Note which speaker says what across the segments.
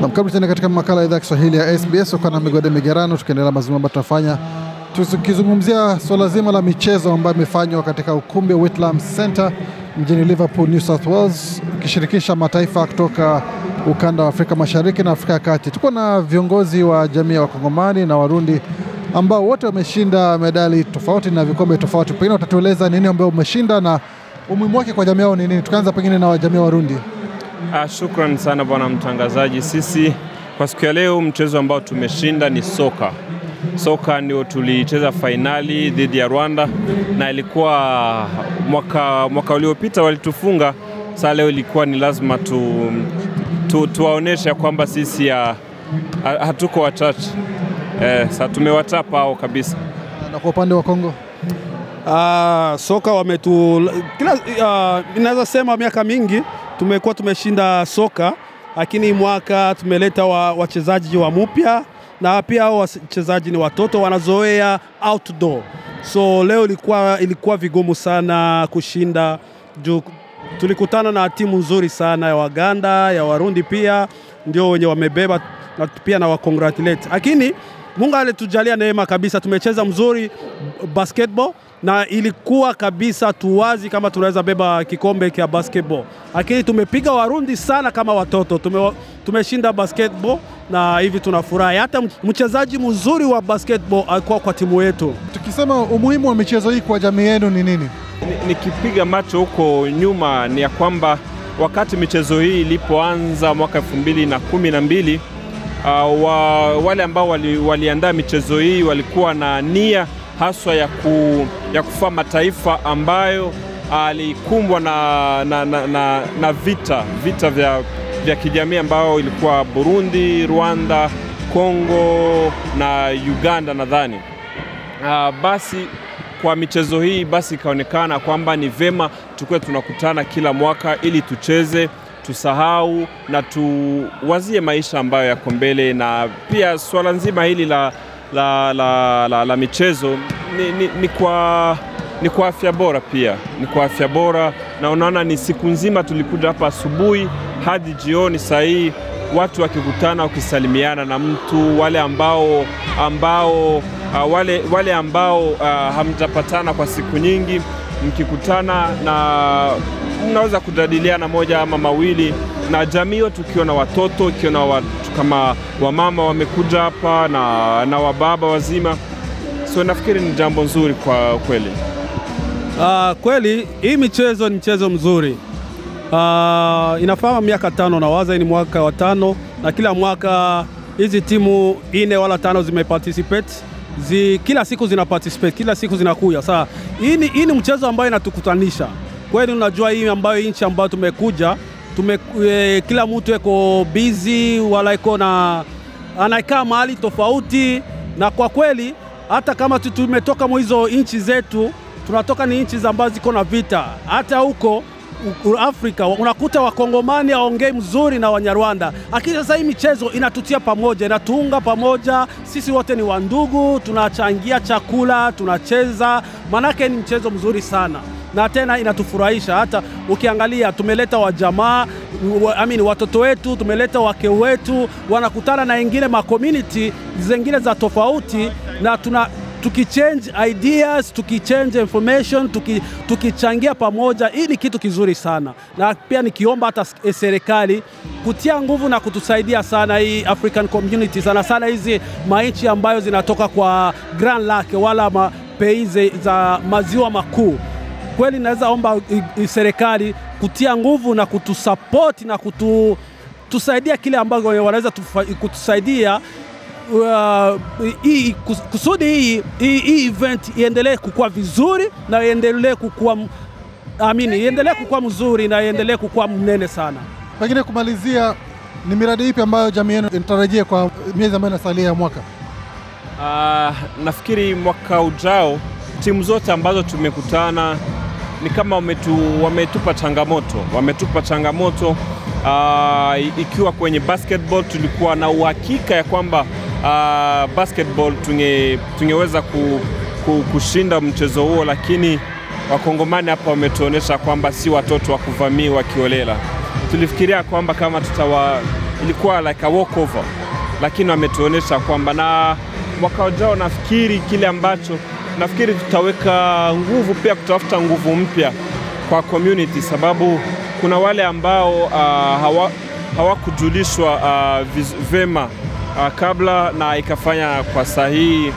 Speaker 1: Nam kabla tena katika makala ya idhaa ya Kiswahili ya SBS na migode migerano, tukiendelea mazungumzo ambayo tunafanya tukizungumzia swala zima la michezo ambayo imefanywa katika ukumbi wa Whitlam Center mjini Liverpool, New South Wales, ukishirikisha mataifa kutoka ukanda wa Afrika Mashariki na Afrika ya Kati. Tuko na viongozi wa jamii ya Wakongomani na Warundi ambao wote wameshinda medali tofauti na vikombe tofauti. Pengine watatueleza nini ambayo umeshinda na umuhimu wake kwa jamii yao ni nini? Tukaanza pengine na jamii ya Warundi.
Speaker 2: Ah, shukran sana bwana mtangazaji. Sisi kwa siku ya leo mchezo ambao tumeshinda ni soka. Soka ndio tulicheza fainali dhidi ya Rwanda na ilikuwa mwaka, mwaka uliopita walitufunga. Sasa leo ilikuwa ni lazima tu, tu, tuwaonesha kwamba sisi ya, hatuko wachache eh, sa tumewachapa hao kabisa.
Speaker 3: Na kwa upande wa Kongo uh, soka wametu kila uh, inaweza sema miaka mingi tumekuwa tumeshinda soka, lakini mwaka tumeleta wachezaji wa, wa mupya na pia hao wachezaji ni watoto wanazoea outdoor, so leo ilikuwa, ilikuwa vigumu sana kushinda juu tulikutana na timu nzuri sana ya Waganda ya Warundi pia ndio wenye wamebeba na pia na congratulate lakini Mungu alitujalia neema kabisa, tumecheza mzuri basketball na ilikuwa kabisa tuwazi kama tunaweza beba kikombe cha basketball, lakini tumepiga Warundi sana kama watoto. Tume, tumeshinda basketball na hivi tunafurahi. Hata mchezaji mzuri wa basketball alikuwa kwa timu yetu. Tukisema umuhimu wa michezo hii kwa jamii yenu ni nini?
Speaker 2: Nikipiga ni macho huko nyuma, ni ya kwamba wakati michezo hii ilipoanza mwaka elfu mbili na kumi na mbili uh, wa, wale ambao waliandaa michezo hii walikuwa na nia haswa ya, ku, ya kufaa mataifa ambayo uh, alikumbwa na, na, na, na, na vita vita vya, vya kijamii ambayo ilikuwa Burundi, Rwanda, Kongo na Uganda nadhani. Uh, basi kwa michezo hii basi ikaonekana kwamba ni vema tukuwe tunakutana kila mwaka ili tucheze tusahau na tuwazie maisha ambayo yako mbele, na pia swala nzima hili la, la, la, la, la michezo ni, ni, ni kwa ni kwa afya bora pia ni kwa afya bora, na unaona ni siku nzima tulikuja hapa asubuhi hadi jioni, saa hii watu wakikutana, wakisalimiana na mtu, wale ambao ambao uh, wale, wale ambao uh, hamjapatana kwa siku nyingi mkikutana na mnaweza kujadiliana moja ama mawili na jamii yote, ukiwa na watoto, ukiwa na watu kama wamama wamekuja hapa na, na wababa wazima, so nafikiri ni jambo nzuri kwa kweli. Uh, kweli hii michezo ni mchezo mzuri.
Speaker 3: Uh, ah, inafaa miaka tano na waza ni mwaka wa tano, na kila mwaka hizi timu ine wala tano zimeparticipate zi, kila siku zina participate, kila siku zinakuja. Saa hii ni mchezo ambayo inatukutanisha kweli, unajua hii ambayo nchi ambayo tumekuja tume, e, kila mtu eko busy wala iko na anaikaa mahali tofauti, na kwa kweli hata kama tumetoka mwa hizo nchi zetu tunatoka ni nchi ambazo ziko na vita, hata huko Afrika unakuta wakongomani aongei mzuri na Wanyarwanda, lakini sasa hii michezo inatutia pamoja, inatuunga pamoja. Sisi wote ni wandugu, tunachangia chakula, tunacheza, manake ni mchezo mzuri sana na tena inatufurahisha. Hata ukiangalia tumeleta wajamaa amini, watoto wetu tumeleta wake wetu, wanakutana na wengine community zengine za tofauti na tuna tukichange ideas, tukichange information, tukichangia tuki pamoja, hii ni kitu kizuri sana, na pia nikiomba hata eh, serikali kutia nguvu na kutusaidia sana hii African community, sana sana hizi manchi ambayo zinatoka kwa Grand Lake wala peize za maziwa makuu. Kweli naweza omba serikali kutia nguvu na kutusapoti na kutu tusaidia kile ambacho wanaweza kutusaidia uh, hii kusudi hii, hii, hii event iendelee kukua vizuri na iendelee kukua amini, iendelee kukua mzuri na iendelee kukua mnene sana. Pengine kumalizia, ni miradi ipi ambayo jamii yenu
Speaker 1: inatarajia kwa miezi ambayo inasalia ya mwaka?
Speaker 2: Uh, nafikiri mwaka ujao timu zote ambazo tumekutana ni kama wametu, wametupa changamoto wametupa changamoto uh, ikiwa kwenye basketball tulikuwa na uhakika ya kwamba uh, basketball tunge, tungeweza ku, ku, kushinda mchezo huo, lakini wakongomani hapa wametuonyesha kwamba si watoto wa kuvamia wakiolela. Tulifikiria kwamba kama tutawa, ilikuwa like a walkover, lakini wametuonyesha kwamba, na mwaka ujao nafikiri kile ambacho nafikiri tutaweka nguvu pia kutafuta nguvu mpya kwa community, sababu kuna wale ambao uh, hawa, hawakujulishwa uh, vema uh, kabla na ikafanya kwa sahihi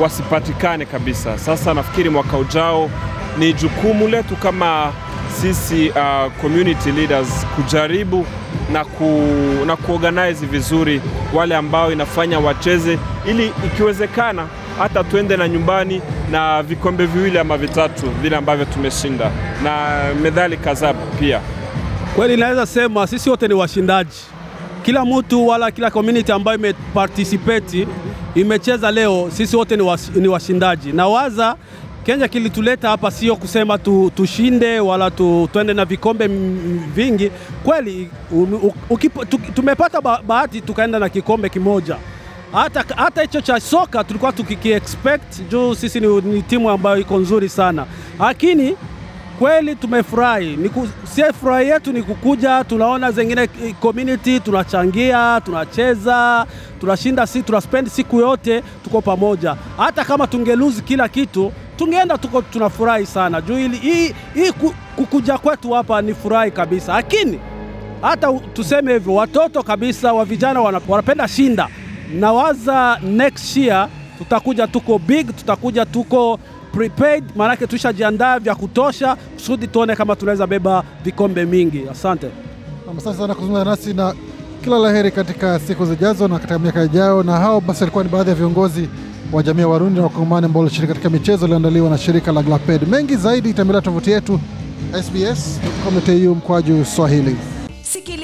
Speaker 2: wasipatikane kabisa. Sasa nafikiri mwaka ujao ni jukumu letu kama sisi uh, community leaders kujaribu na, ku, na kuorganize vizuri wale ambao inafanya wacheze, ili ikiwezekana hata tuende na nyumbani na vikombe viwili ama vitatu vile ambavyo tumeshinda na medali kadhaa pia. Kweli naweza sema sisi wote ni washindaji kila mtu wala kila community
Speaker 3: ambayo imeparticipate imecheza leo, sisi wote ni, was, ni washindaji na waza Kenya kilituleta hapa sio kusema tu, tushinde wala tu, tuende na vikombe vingi. Kweli tumepata bahati tukaenda na kikombe kimoja, hata hata hicho cha soka tulikuwa tukikiexpect juu sisi ni, ni timu ambayo iko nzuri sana, lakini Kweli tumefurahi, si furahi yetu ni kukuja, tunaona zengine community, tunachangia, tunacheza, tunashinda, si tunaspendi siku yote tuko pamoja. Hata kama tungeluzi kila kitu, tungeenda tuko tunafurahi sana juu hii hii kukuja kwetu hapa ni furahi kabisa, lakini hata tuseme hivyo, watoto kabisa wa vijana wanapenda shinda. Nawaza next year tutakuja tuko big, tutakuja tuko prepared, maanake tuishajiandaa vya kutosha kusudi tuone kama tunaweza beba vikombe mingi. Asante,
Speaker 1: asante sana kuzungumza nasi na kila laheri katika siku zijazo na katika miaka ijayo. Na hao basi walikuwa ni baadhi ya viongozi wa jamii ya Warundi na Wakongomani ambao walishiriki katika michezo iliyoandaliwa na shirika la Glaped. Mengi zaidi, tembelea tovuti yetu sbs.com.au mkwaju Swahili.